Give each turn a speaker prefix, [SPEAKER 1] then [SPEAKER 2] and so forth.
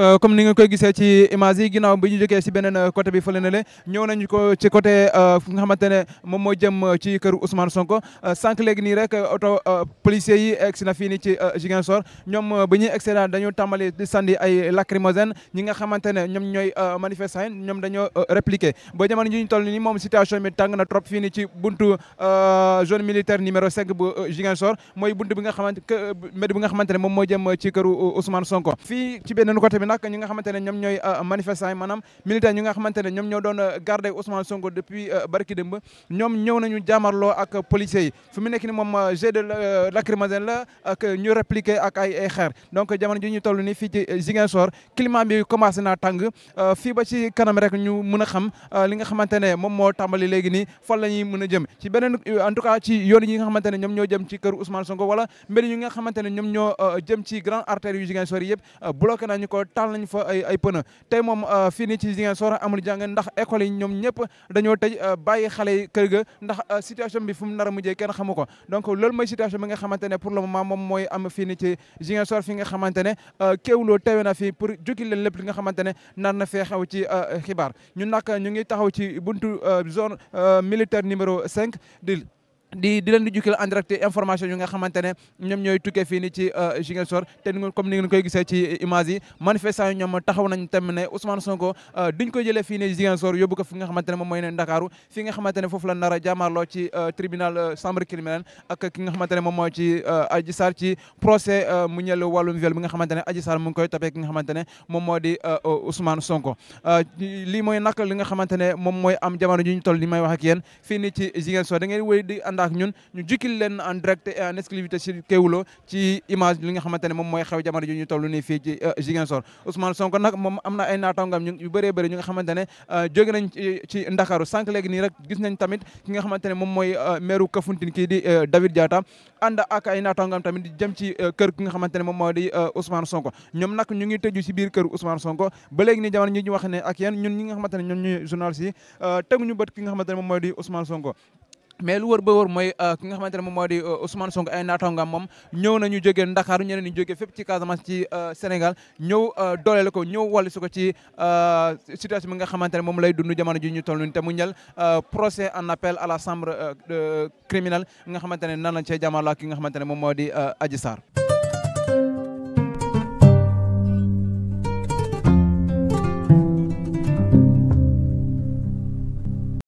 [SPEAKER 1] Euh, comme ni nga koy gisee ci image yi ginnaaw bi ñu jógee si beneen euh, côté bi fële na le ñëw nañu ko ci côté euh, fu nga xamante ne moom moo jëm ci kër Ousmane Sonko sànq léegi nii rek oto policier yi egsi na fii nii ci Ziguinchor ñoom bi ñuy egsi dañu tàmbali di sandi ay lacrymogène ñi nga xamante ne ñoom ñooy manifestant ñoom dañoo répliqué ba jamono ji ñu toll nii moom situation bi tàng na trop fii nii ci buntu zone militaire numéro 5 bu Ziguinchor mooy buntu bi nga xamante mbedd bi nga xamante ne moom moo jëm ci kër Ousmane Sonko fii ci beneen côté bi nag ñi nga xamante ne ñoom ñooy euh, manifestants yi maanaam militaire ñi nga xamante ne ñoom ñoo doon euh, garder Ousmane Sonko depuis euh, barki démb ñoom ñëw nañu jaamarloo ak policiers yi fu mu nekk ni moom jet de lacrymogène la ak ñu répliquer ak ay ay xeer donc jamono ji ñu toll ni fii ci Ziguinchor climat bi commencé naa tàng fii ba ci kanam rek ñu mën a xam li nga xamante ne moom moo tàmbali léegi nii fan la ñuy mën a jëm ci beneen en tout cas ci yoon yi nga xamante ne ñoom ñoo jëm ci kër Ousmane Sonko wala mbir yi nga xamante ne ñoom ñoo jëm ci yëpp ko taal nañ fa ay ay pneu tey moom euh, fii nii ci Ziguinchor amul jàng ndax école yi ñoom ñëpp dañoo tëj euh, bàyyi xale yi kër ga ndax euh, situation bi fu mu nar a mujjee kenn xamu ko donc loolu mooy situation bi nga xamante ne pour le moment moom mooy am fii nii ci Ziguinchor fi nga xamante ne kéwloo teewe na fii pour jukki leen lépp li nga xamante ne nar na fee xew ci xibaar ñun nag ñu ngi taxaw ci buntu zone militaire numéro cinq di di di leen di jukkil en direct information yu nga xamante ne ñoom ñooy ci euh, Ziguinchor te ni comme ni ngeen koy ci image yi manifestant yi ñoom taxaw nañ Sonko euh, a jaamarloo ci euh, tribunal chambre criminelle di Ousmane Sonko lii mooy nag li wax ak yéen fii ci Ziguinchor da ngeen di ànd ànd ak ñun ñu jukkil leen en direct et en exclusivité ci Kéwoulo ci image li nga xamante ne moom mooy xew jamono ji ñu toll euh, Sonko nag moom am na ay naataangoom ñu yu bëree ne euh, jóge nañ ci Ndakaaru sànq léegi nii rek gis nañ tamit ki euh, di David Diatta ànd ak ay naataangoom tamit di ci kër ki nga xamante ne moom moo di Ousmane Sonko ñoom nag ñu ngi tëju ci biir kër Ousmane Sonko ba léegi nii jamono ñi ñu wax ne ak yéen ñun ñi nga xamante ne ñoom ñuy journalistes yi bët ki nga xamante moom mooy di Ousmane Sonko mais lu wër ba wër mooy euh, ki nga xamante ne moom moo di euh, Ousmane Sonko ay naataangaam moom ñëw nañu jógee Ndakaaru ñeneen ñu jógee fépp ci Casamance ci euh, Sénégal ñëw dooleel ko ñëw wàllu su ko ci situation bi nga xamante ne moom lay dund jamono ji ñu toll nii te mu ñel procès en appel à la chambre criminelle nga xamante ne nan lañ cee jàmmarloo ki nga xamante ne moom moo di Adji Sarr